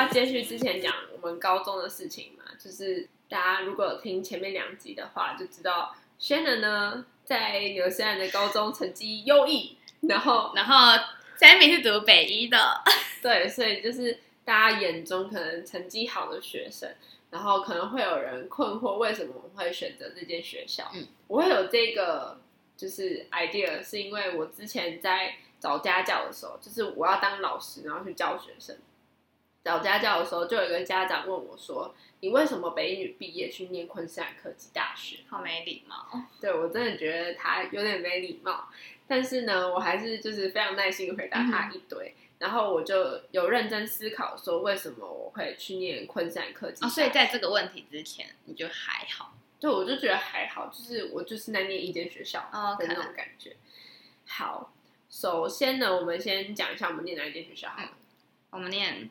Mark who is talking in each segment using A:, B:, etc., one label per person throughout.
A: 要接續之前講我們高中的事情嘛，就是大家如果聽前面兩集的話，就知道 Shannon 呢在紐西蘭的高中成績優異，然後然後 Sammy 是讀北一的， 對，所以就是大家眼中可能成績好的學生，然後可能會有人困惑，為什麼我們會選擇這間學校？嗯，我會有這個就是 idea，是因為我之前在找家教的時候，就是我要當老師，然後去教學生。找家教的時候，就有一個家長問我說：說你為什麼北女畢業去念昆山科技大學？好沒禮貌。對，我真的覺得他有點沒禮貌。但是呢，我還是就是非常耐心回答他一堆。嗯嗯，然後我就有認真思考說，為什麼我會去念昆山科技大學？啊、哦，所以在這個問題之前，你就還好？對，我就覺得還好，就是我就是在念一間學校的那種感覺。哦、好，首先呢，我們先講一下我們念哪一間學校好了，嗯。我們念。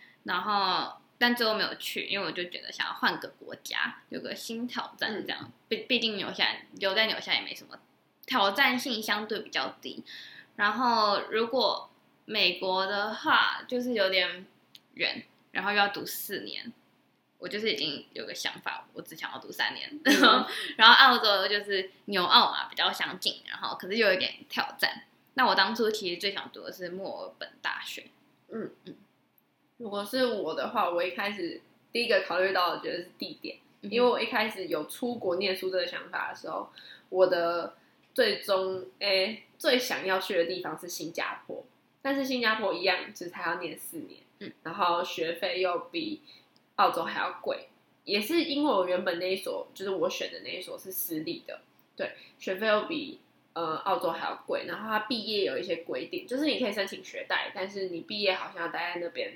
B: 然後，但最後沒有去，因為我就覺得想要換個國家，有個新挑戰這樣。畢、嗯、畢竟紐西蘭留在紐西蘭也沒什麼，挑戰性相對比較低。然後如果美國的話，就是有點遠，然後又要讀四年。我就是已經有個想法，我只想要讀三年。然後、嗯、然後澳洲就是紐澳嘛、啊，比較相近，然後可是又有點挑戰。那我當初其實最
A: 想讀的是墨爾本大學。嗯嗯。嗯。如果是我的話，我一開始第一個考慮到的，覺得是地點，嗯、哼因為我一開始有出國念書這個想法的時候，我的最終哎、欸，最想要去的地方是新加坡，但是新加坡一樣就是他要念四年，嗯，然後學費又比澳洲還要貴，也是因為我原本那一所就是我選的那一所是私立的，對，學費又比呃澳洲還要貴，然後他畢業有一些規定，就是你可以申請學貸，但是你畢業好像要待在那邊。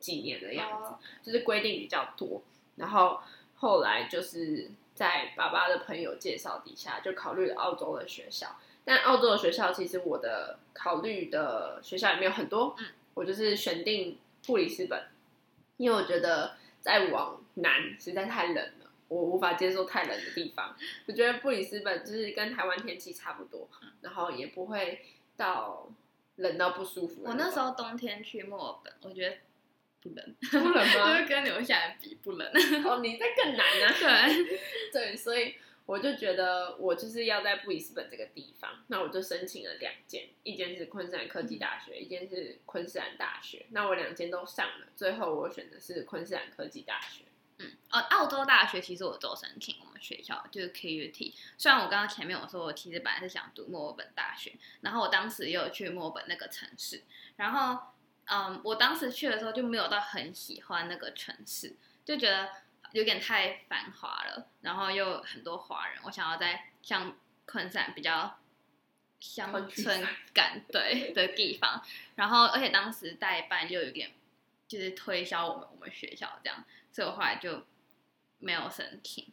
A: 幾年的樣子，oh. 就是規定比較多。然後後來就是在爸爸的朋友介紹底下，就考慮了澳洲的學校。但澳洲的學校其實我的考慮的學校也沒有很多。我就是選定布里斯本，因為我覺得再往南實在太冷了，我無法接受太冷的地方。我覺得布里斯本就是跟台灣天氣差不多，然後也不會到冷到不舒服。我那時候
B: 冬天去墨爾本，
A: 我覺得。不冷，不冷嗎？ 就是跟你們現在比不冷。哦，你這更難啊， 對，對，所以我就覺得我就是要在布里斯本這個地方，那我就申請了兩間，一間是昆士蘭科技大學，嗯，蘭大學，一間是昆士蘭大學。那我兩間都上了，最後我選的是昆士蘭科技大學。
B: 嗯，
A: 哦，澳洲大學其實我都申請，我們學校就是 K U T。
B: 雖然我剛剛前面我說我其實本來是想讀墨爾本大學，然後我當時又去墨爾本那個城市，然後。嗯，um, 我當時去的時候就沒有到很喜歡那個城市，就覺得有點太繁華了，然後又有很多華人。我想要在像昆山比較鄉村感對的地方， 然後而且當時代辦就有點就是推銷我們我們學校這
A: 樣，所以我後來就沒有申請。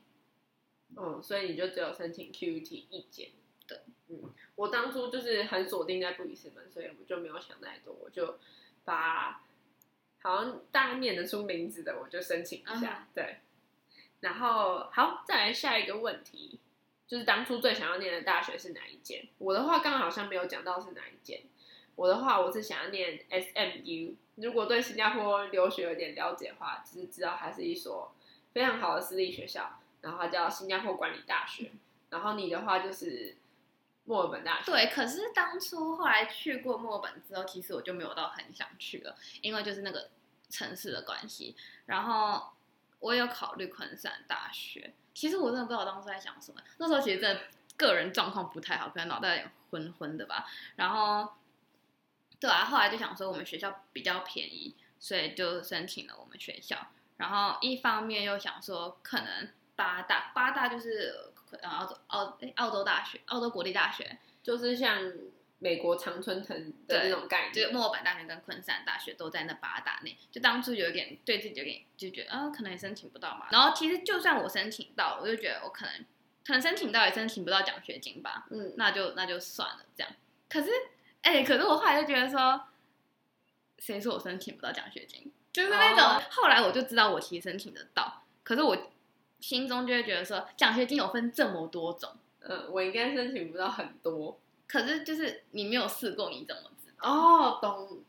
A: 嗯，所以你就只有申請 QUT 一間？對嗯，我當初就是很鎖定在布里斯本，所以我就沒有想太多，我就。把，好像大家念得出名字的，我就申請一下。Uh huh. 對，然後好，再來下一個問題，就是當初最想要念的大學是哪一間？我的話剛剛好像沒有講到是哪一間。我的話我是想要念 SMU，如果對新加坡留學有點了解的話，只、就是知道它是一所非常好的私立學校，然後它叫新加坡管理大學。然後你的話就是。墨爾本大學，對，
B: 可是當初後來去過墨爾本之後，其實我就沒有到很想去了，因為就是那個城市的關係。然後我也有考慮昆山大學，其實我真的不知道當時在想什麼。那時候其實真的個人狀況不太好，可能腦袋有點昏昏的吧。然後對啊，後來就想說我們學校比較便宜，所以就申請了我們學校。然後一方面又想說可能八大，八大就是。然後、嗯、澳洲澳、欸、澳洲大學，澳洲國立大學就是像美國常春藤的那種概念，墨爾本大學跟昆士蘭大學都在那八大內。就當初有點對自己有點就覺得啊，可能也申請不到嘛。然後其實就算我申請到，我就覺得我可能可能申請到也申請不到獎學金吧。嗯，那就那就算了這樣。可是哎、欸，可是我後來就覺得說，誰說我申請不到獎學金？就是那種、哦、後來我就知道我其實申請得到，可是我。心中就會覺得說，獎學金有分這麼多種，
A: 嗯、呃，我應該申請不到很多。可是就是你沒有試過，你怎麼知道？哦，懂。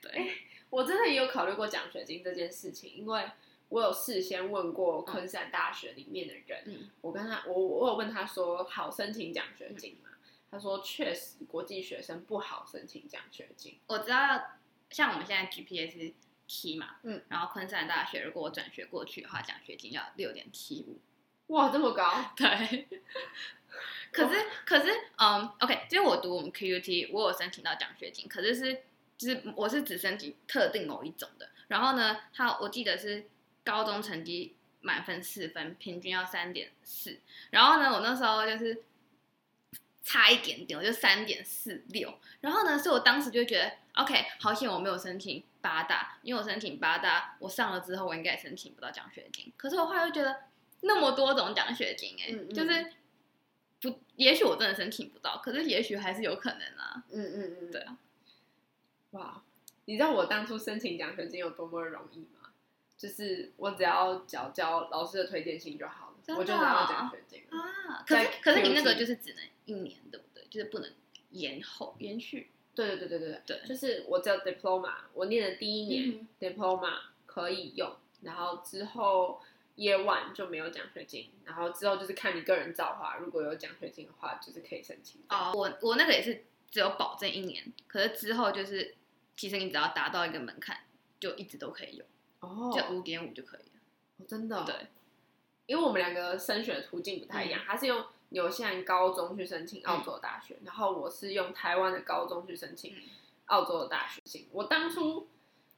A: 對，我真的也有考慮過獎學金這件事情，因為我有事先問過昆山大學裡面的人，嗯、我跟他，我我有問他說，好申請獎學金嗎？嗯、他說，確實國際學生不好申請獎學金。我知道，像我們現在 GPS。七嘛，嗯，然後昆士蘭大學，如果我
B: 轉學過去的話，獎學金要六點七五，
A: 哇，這麼高，對。
B: 可是，哇可是，嗯，OK，因為我讀我們 QUT，我有申請到獎學金，可是是，就是我是只申請特定某一種的。然後呢，他我記得是高中成績滿分四分，平均要三點四，然後呢，我那時候就是差一點點，我就三點四六，然後呢，所以我當時就覺得 OK，好險我沒有申請。八大，因為我申請八大，我上了之後，我應該也申請不到獎學金。可是我後來又覺得，那麼多種獎學金、欸，哎、嗯嗯，就是
A: 不，也許我真的申請不到，可是也許還是有可能啊。嗯嗯嗯，對啊。哇，你知道我當初申請獎學金有多麼容易嗎？就是我只要交交老師的推薦信就好了，的我就拿到獎學金了啊。可是可是你那個就是只能一年，對不對？就是不能延後延續。對對對對對，就是我只有 diploma，我念的第一年、嗯、diploma 可以用，然後之後夜晚就沒有獎學金，然後之後就是看你個人造化，如果有獎學金的話，就是可以申請。哦，oh, 我
B: 我那個也是只有保證一年，可是之後就
A: 是其實你只要達到一個門檻，就一直都可以用哦，這五點五就可以了。Oh, 真的？對，因為我們兩個升學的途徑不太一樣，嗯、它是用。有先高中去申請澳洲大學，嗯、然後我是用台灣的高中去申請澳洲的大學。嗯、我當初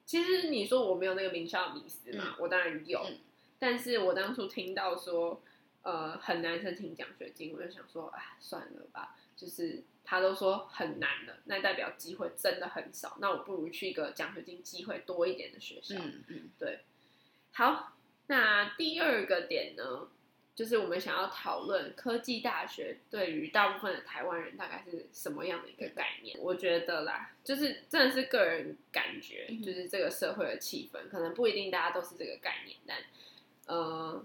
A: 其實你說我沒有那個名校迷思嘛，嗯、我當然有，嗯、但是我當初聽到說呃很難申請獎學金，我就想說哎，算了吧，就是他都說很難的，嗯、那代表機會真的很少，那我不如去一個獎學金機會多一點的學校。嗯嗯，嗯對。好，那第二個點呢？就是我們想要討論科技大學對於大部分的台灣人大概是什麼樣的一個概念？嗯、我覺得啦，就是真的是個人感覺，嗯、哼就是這個社會的氣氛，可能不一定大家都是這個概念，但呃，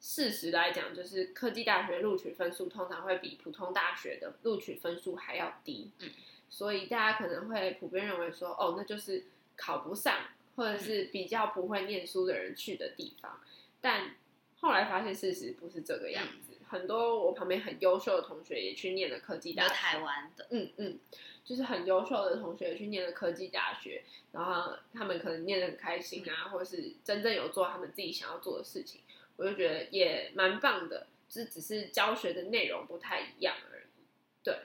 A: 事實來講，就是科技大學錄取分數通常會比普通大學的錄取分數還要低，嗯、所以大家可能會普遍認為說，哦，那就是考不上或者是比較不會念書的人去的地方，嗯、但。後來發現事實不是這個樣子，很多我旁邊很優秀的同學也去念了科技大學，台灣的，嗯嗯，就是很優秀的同學也去念了科技大學，然後他們可能念的很開心啊，嗯、或是真正有做他們自己想要做的事情，我就覺得也蠻棒的，是只是教學的內容不太一樣而已。對，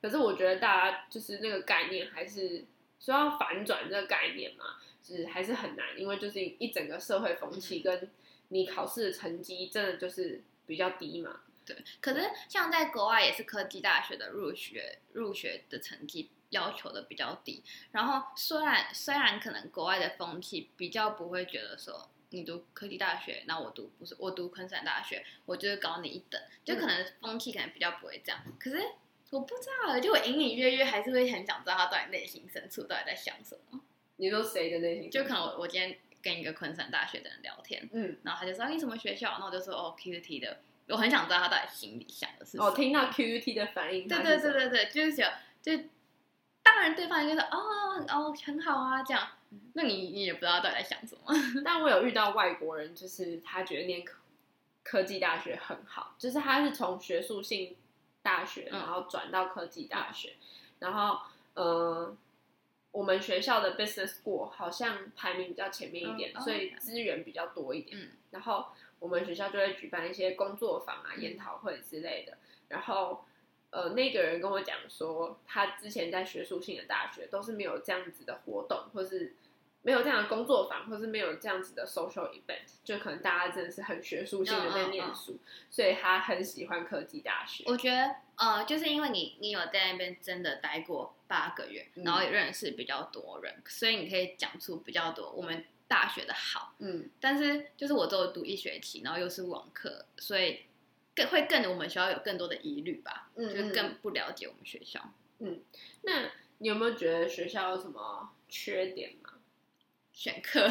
A: 可是我覺得大家就是那個概念還是說要反轉這個概念嘛，就是還是很難，因為就是一整個社會風氣跟、嗯。你考試成績真的就是比較低嘛？
B: 對，可是像在國外也是科技大學的入學入學的成績要求的比較低，然後雖然雖然可能國外的風氣比較不會覺得說你讀科技大學，那我讀不是我讀昆士蘭大學，我就是高你一等，就可能風氣可能比較不會這樣。可是我不知道了，就隱隱約約還是會很想知道他到底內心深處到底在想什麼？你說誰的內心？就可能我今天。跟一個昆山大學的人聊天，嗯，然後他就說：“啊、你什麼學校？”然後我就說：“哦 QUT 的。”我很想知道他在心裡想的是什麼、啊。我、哦、聽
A: 到 QUT 的反應，啊、對對對
B: 對對，就是說就，當然對方應該說：“哦哦，很好啊。”這樣，
A: 嗯、那你你也不知道到底在想什麼。但我有遇到外國人，就是他覺得念科科技大學很好，就是他是從學術性大學然後轉到科技大學，嗯、然後嗯。呃我們學校的 business school 好像排名比較前面一點，嗯、所以資源比較多一點。嗯、然後我們學校就會舉辦一些工作坊啊、嗯、研討會之類的。然後，呃，那個人跟我講說，他之前在學術性的大學都是沒有這樣子的活動，或是。沒有這樣的工作坊，或者是沒有這樣子的 social event，就可能大家真的是很學術性的在念書，Oh, oh, oh. 所以他很喜歡科技大學。我
B: 覺得，呃，就是因為你你有在那邊真的待過八個月，然後也認識比較多人，嗯、所以你可以講出比較多我們大學的好。嗯，但是就是我都有讀一學期，然後又是網課，所以更會更會我們學校有更多的疑慮吧，
A: 就是更不了解我們學校。嗯，嗯，那你有沒有覺得學校有什麼缺點？選課，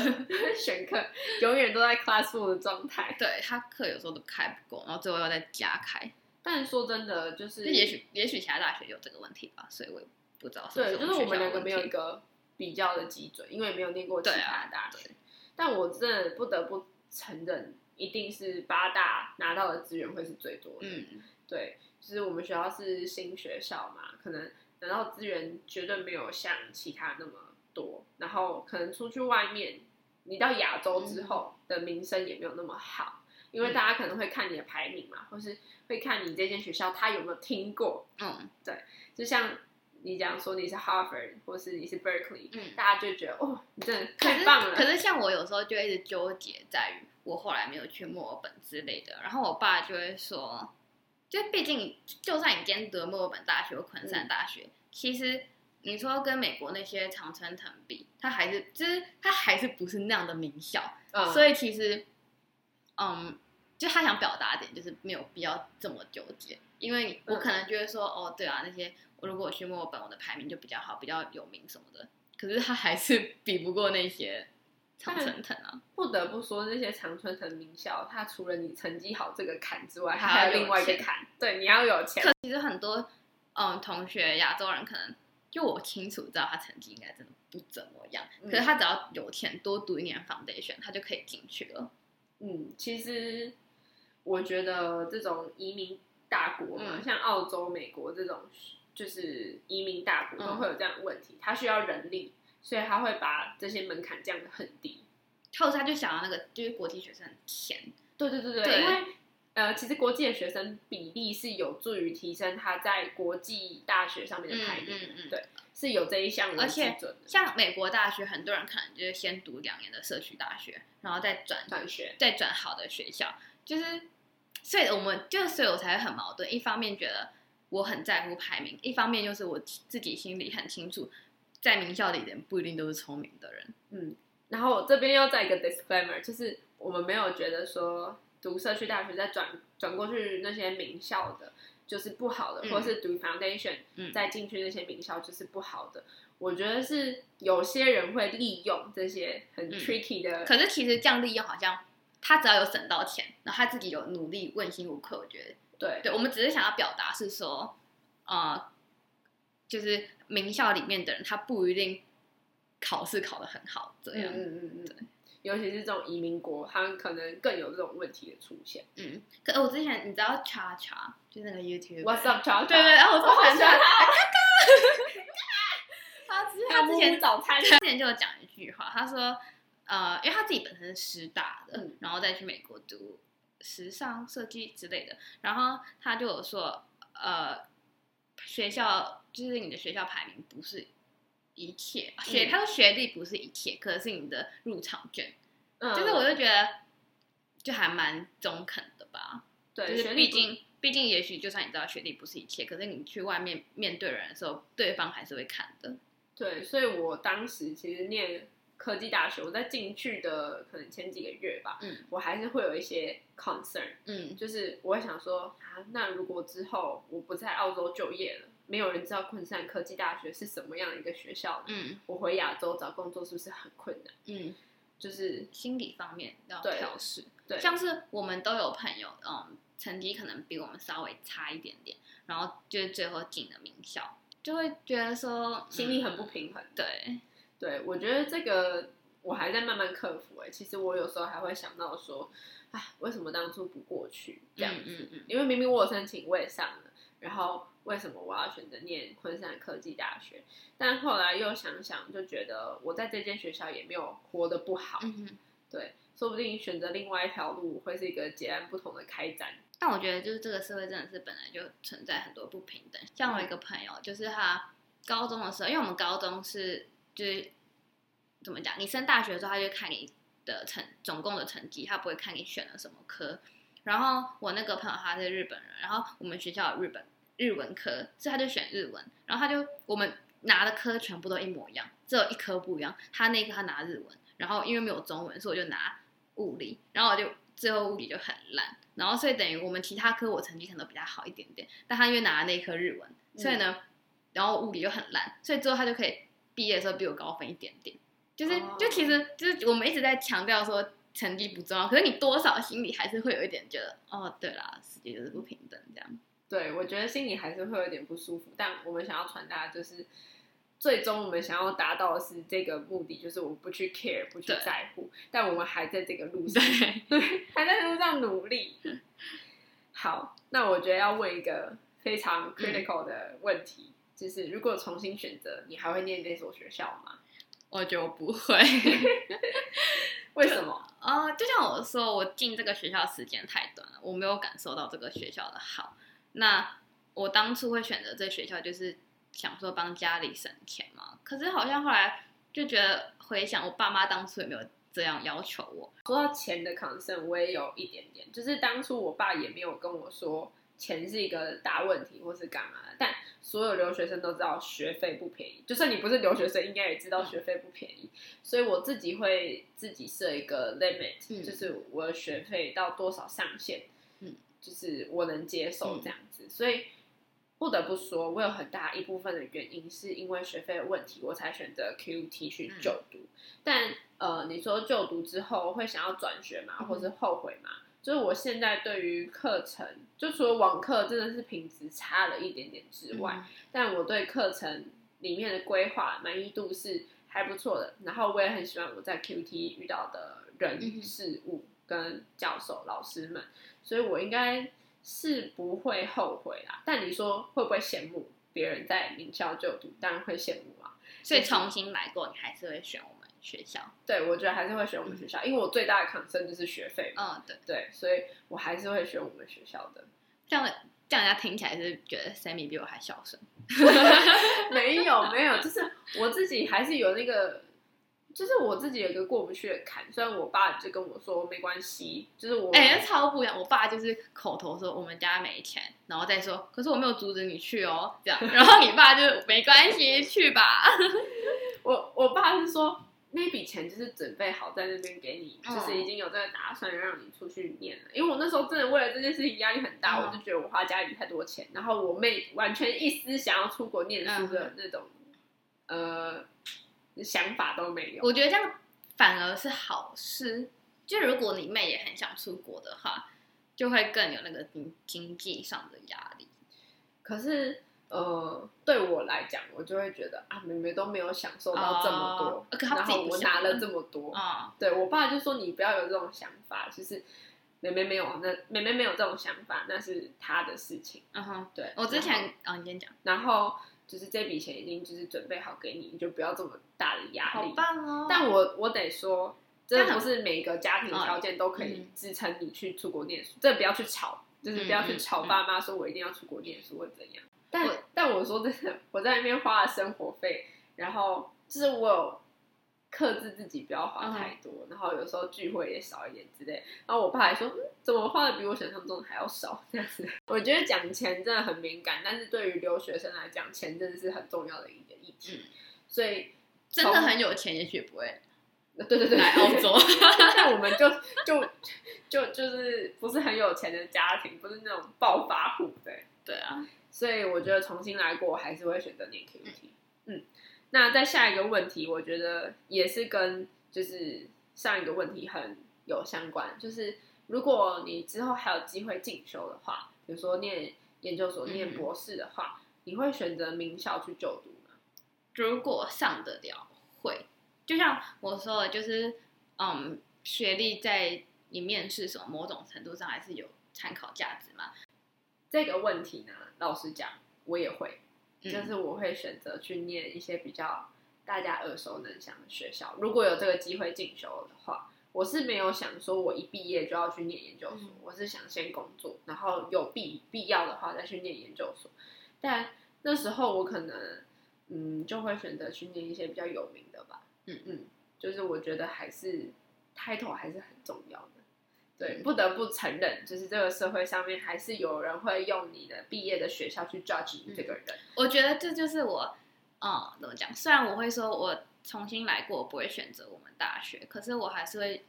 A: 選課，永遠都在
B: classroom 的狀態。對，他課有時候都開不夠，然後最後要再加開。
A: 但說真的，就是也許也許其他大學有這個問題吧，所以我也
B: 不知道是不是我們學校的問題。對，就是
A: 我們兩個沒有一個比較的基準，因為沒有念過其他大學。啊、但我真的不得不承認，一定是八大拿到的資源會是最多的。嗯，對，就是我們學校是新學校嘛，可能拿到資源絕對沒有像其他那麼多，然後可能出去外面，你到亞洲之後的名聲也沒有那麼好，嗯、因為大家可能會看你的排名嘛，嗯、或是會看你這間學校他有沒有聽過。嗯，對，就像你講說你是哈佛，或是你是 b e r k Berkeley，嗯，大家就覺得哦，你真的太棒了可。可是
B: 像我有時候就一直糾結在於，我後來沒有去墨爾本之類的，然後我爸就會說，就畢竟就算你今天讀了墨爾本大學、昆士蘭大學，嗯、其實。你說跟美國那些常春藤比，他還是就是他還是不是那樣的名校，嗯、所以其實，嗯，就他想表達一點就是沒有必要這麼糾結，因為我可能覺得說、嗯、哦，對啊，那些我如果我去墨爾本，我的排名就比較好，比較有名什麼的，可是他還是比不過那些常春藤啊。
A: 不得不說，那些常春藤名校，他除了你成績好這個坎之外，還有另外一些坎，對，你要有錢。
B: 可其實很多嗯同學，亞洲人可能。就我清楚知道，他成績應該真的不怎麼樣。嗯、可是他只要有錢，多讀一年 foundation，他就可以進去了。
A: 嗯，其實我覺得這種移民大國嘛，嗯、像澳洲、美國這種，就是移民大國都會有這樣的問題。嗯、他需要人力，所以他會把這些門檻降得很低。可他就想要那個，就是國際學生很甜。
B: 對對對對，對對，因為。
A: 呃，其實國際的學生比例是有助於提升他在國際大學上面的排名，嗯嗯嗯、對，是有這一項的基準。而且像美國大學，很多人可能就是先讀兩年的社區大學，然後再轉轉學，
B: 再轉好的學校，就是所以我們就所以我才會很矛盾，一方面覺得我很在乎排名，一方面就是我自己心裡很清楚，在名校裡的人不一定都是聰明的人。
A: 嗯，然後我這邊又再一個 disclaimer，就是我們沒有覺得說。讀社區大學再轉轉過去那些名校的，就是不好的，嗯、或是讀 foundation 再進去那些名校就是不好的。嗯、我覺得是有些人會利用這些很 tricky 的，嗯，可是其實這樣利用好像
B: 他只要有省到錢，然後他自己有努力，問心無愧。我覺得對，對我們只是想要表達是說，啊、呃，就是名校裡面的人，他不一定考試考得很好，
A: 這樣。嗯，嗯嗯嗯。對。尤其是這種移民國，他們可能更有這種問題的出現。嗯，
B: 可我之前你知道 Cha Cha
A: 就是那個 YouTube What's Up Cha Cha？對對，然後我突然覺得，
B: 他之前早餐之前就有講一句話，他說，呃，因為他自己本身是師大的，嗯、然後再去美國讀時尚設計之類的，然後他就有說，呃，學校就是你的學校排名不是。一切學，他說學歷不是一切，嗯，可是，是你的入場券，嗯，
A: 就是我就覺得
B: 就還蠻中肯的吧。對，就是畢竟畢竟，竟也許就算你知道學歷不是一切，可是你去外面面對的人的時候，對方還是會看的。
A: 對，所以我當時其實念科技大學，我在進去的可能前幾個月吧，嗯，我還是會有一些 concern，嗯，就是我會想說啊，那如果之後我不在澳洲就業了。沒有人知道昆山科技大學是什麼樣的一個學校。嗯，我回亞洲找工作是不是很困難？嗯，就是心理方面要調
B: 試，對，像是我們都有朋友，嗯，成績可能比我們稍微差一點點，
A: 然後就是最後進了名校，
B: 就會覺得說心理很不平衡。嗯，對，
A: 對，我覺得這個我還在慢慢克服，欸。哎，其實我有時候還會想到說，哎，為什麼當初不過去這樣。嗯，嗯嗯，因為明明我有申請，我也上了。然後為什麼我要選擇念昆山科技大學？但後來又想想，就覺得我在這間學校也沒有活得不好，嗯、哼對，說不定選擇另外一條路會是一個截然不同的開展。但我覺得就是這個社會真的是本來就存
B: 在很多不平等。像我一個朋友，就是他高中的時候，嗯、因為我們高中是就是怎麼講，你升大學的時候他就看你的成總共的成績，他不會看你選了什麼科。然後我那個朋友他是日本人，然後我們學校有日本日文科，所以他就選日文。然後他就我們拿的科全部都一模一樣，只有一科不一樣。他那一科他拿日文，然後因為沒有中文，所以我就拿物理，然後我就最後物理就很爛。然後所以等於我們其他科我成績可能都比他好一點點，但他因為拿了那一科日文，所以呢，嗯、然後物理就很爛，所以之後他就可以畢業的時候比我高分一點點。就是、哦、就其實就是我們一直在強調說成績不重要，可是你多
A: 少心裡還是會有一點覺得，哦，
B: 對啦，世界就是不平等這樣。
A: 對，我覺得心裡還是會有點不舒服。但我們想要傳達就是，最終我們想要達到的是這個目的，就是我不去 care，不去在乎，對但我們還在這個路上，對，還在路上努力。 好，那我覺得要問一個非常 critical 的問題，嗯、就是如果重新選擇，你還會念這所學校嗎？我就不會。 為什麼？ 哦，uh, 就像我說，
B: 我進這個學校時間太短了，我沒有感受到這個學校的好。那我當初會選擇這學校，就是想說幫家裡省錢嘛。可是好像後來
A: 就覺得回想，我爸媽當初有沒有這樣要求我？說到錢的 concern 我也有一點點，就是當初我爸也沒有跟我說。錢是一個大問題，或是幹嘛的？但所有留學生都知道學費不便宜，就算你不是留學生，應該也知道學費不便宜。所以我自己會自己設一個 limit，嗯，就是我的學費到多少上限，嗯，就是我能接受這樣子。嗯，所以不得不說，我有很大一部分的原因是因為學費的問題，我才選擇 QT 去就讀。嗯，但呃，你說就讀之後會想要轉學嗎？或是後悔嗎？嗯就是我現在對於課程，就除了網課真的是品質差了一點點之外，嗯、但我對課程裡面的規劃滿意度是還不錯的。然後我也很喜歡我在 QT 遇到的人、事物跟教授、嗯、哼老師們，所以我應該是不會後悔啦。但你說會不會羨慕別人在名校就讀？當然會羨慕啊。所以重新來過，你還是會選我。學校對，我覺得還是會選我們學校，嗯嗯，因為我最大的 concern 就是學費。嗯，對對，所以我還是會選我們學校的。這樣這樣，這樣人家聽起來是覺得 Sammy 比我還孝順 沒有沒有，就是我自己還是有那個，就是我自己有一個過不去的坎。雖然我爸就跟我說沒關係，就是我哎、欸、超不一樣。我爸就是口頭說我們家沒錢，然後再說，可是我沒有阻止你去哦。這樣、啊，然後你爸就是、 沒關係，去吧。我我爸是說。那筆錢就是準備好在那邊給你，就是已經有這個打算讓你出去念了。Oh. 因為我那時候真的為了這件事情壓力很大，oh. 我就覺得我花家裡太多錢，然後我妹完全一絲想要出國念書的那種、uh huh. 呃，想法都沒有。我覺得這樣
B: 反而是好事，就
A: 如果你妹也很想出國的話，就會更有那個經經濟上的壓力。可是。呃，對我來講，我就會覺得啊，妹妹都沒有享受到這麼多，oh, okay, 然後我拿了這麼多。Oh. 對，我爸就說：“你不要有這種想法，就是妹妹沒有，那妹妹沒有這種想法，那是他的事情。Uh ”嗯哼，對。我之前啊後、哦，你先講。然後就是這筆錢已經就是準備好給你，你就不要這麼大的壓力。好
B: 棒哦！但我
A: 我得說，真的不是每個家庭條件都可以支撐你去出國念書。嗯、這不要去吵，就是不要去吵爸媽，說我一定要出國念書或怎樣。但但我說真的是，我在那邊花了生活費，然後就是我有克制自己不要花太多，嗯、哼然後有時候聚會也少一點之類。然後我爸還說，嗯、怎麼花的比我想象中的還要少？這樣子，我覺得講錢真的很敏感，但是對於留學生來講，錢真的是很重要的一個議題。嗯、所以真的很有
B: 錢，也許不會。對，對對對，來澳
A: 洲，那 我們就就就就是不是很有錢的家庭，不是那種暴發戶的。對啊。所以我覺得重新來過，我還是會選擇念 QUT。嗯，那再下一個問題，我覺得也是跟就是上一個問題很有相關，就是如果你之後還有機會進修的話，比如說念研究所、念博士的話，你會選擇名校去就讀嗎？如果上得了，
B: 會。就像我說的，就是嗯，學歷在你面
A: 試什麼某種程度上還是有參考價值嘛。這個問題呢，老實講，我也會，嗯、就是我會選擇去念一些比較大家耳熟能詳的學校。如果有這個機會進修的話，我是沒有想說我一畢業就要去念研究所，嗯、我是想先工作，然後有必必要的話再去念研究所。但那時候我可能，嗯，就會選擇去念一些比較有名的吧。嗯嗯，就是我覺得還是 title 還是很重要的。對，不得不承認，就是這個社會上面還是有人會用你的畢業的學校去 judge 你這個人。嗯，我覺得這就是我，啊，嗯，怎麼講？雖然我會說我
B: 重新來過，我不會選擇我們大學，可是我還是會，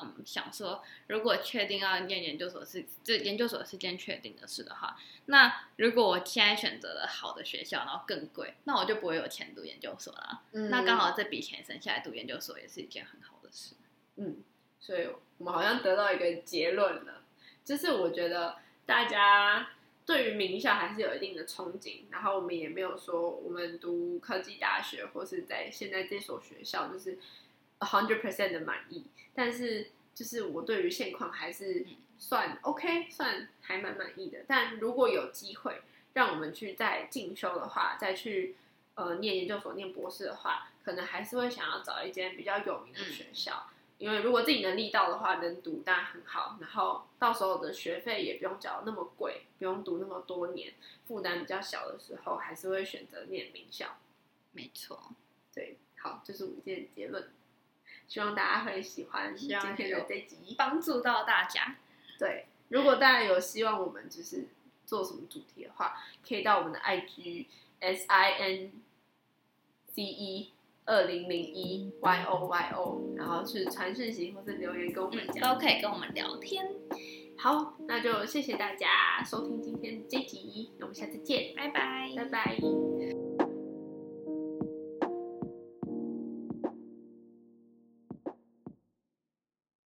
B: 嗯，想說，如果確定要念研究所是，這研究所是件確定的事的話，那如果我現在選擇了好的學校，然後更貴，那我就不會有錢讀研究所了。嗯，那剛好這
A: 筆錢省下來讀研究所也是一件很好的事。嗯。所以我們好像得到一個結論了，就是我覺得大家對於名校還是有一定的憧憬，然後我們也沒有說我們讀科技大學或是在現在這所學校就是 hundred percent 的滿意，但是就是我對於現況還是算 OK，嗯、算還蠻滿意的。但如果有機會讓我們去再進修的話，再去呃念研究所、念博士的話，可能還是會想要找一間比較有名的學校。嗯。因為如果自己能力到的話，能讀當然很好。然後到時候的學費也不用繳那麼貴，不用讀那麼多年，負擔比較小的時候，還是會選擇念名校。沒錯，對，好，這就是我們今天的結論。希望大家會喜歡，希望今天的這集，
B: 幫助到大家。
A: 對，如果大家有希望我們就是做什麼主題的話，可以到我們的 IG, i g s i n c e。二零零一 YOYO，然後是傳訊息或是留言跟我們講，嗯，都可以跟我們聊天。好，那就謝謝大家收聽今天的這集，那我們下次見，拜拜，拜拜。